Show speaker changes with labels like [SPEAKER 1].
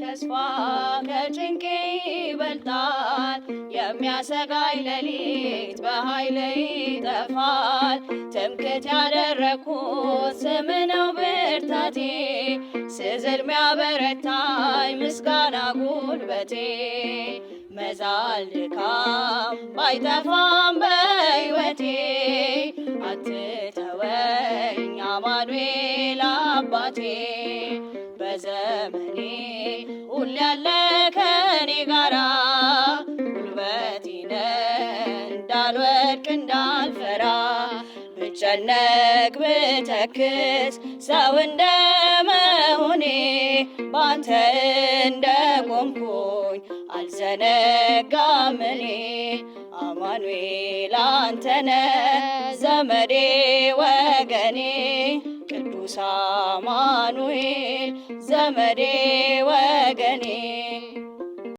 [SPEAKER 1] ተስፋ ከጭንቄ ይበልጣል። የሚያሰጋኝ ሌሊት በኃይል ይጠፋል። ትምክህት ያደረኩት ስም ነው ብርታቴ፣ ስዝል ሚያበረታኝ ምስጋና ጉልበቴ። መዛል ድካም ባይጠፋም በሕይወቴ አትተወኝ አማኑኤል አባቴ በዘመኔ ሁሌ ያለ ከኔ ጋራ ጉልበቴ ነህ እንዳልወድቅ እንዳልፈራ ብጨነቅ ብተክዝ ሰው እንደመሆኔ ባንተ እንደቆምኩኝ አልዘነጋም እኔ አማኑኤል አንተነ ዘመዴ ወገኔ ሳማኑኤል ዘመዴ ወገኔ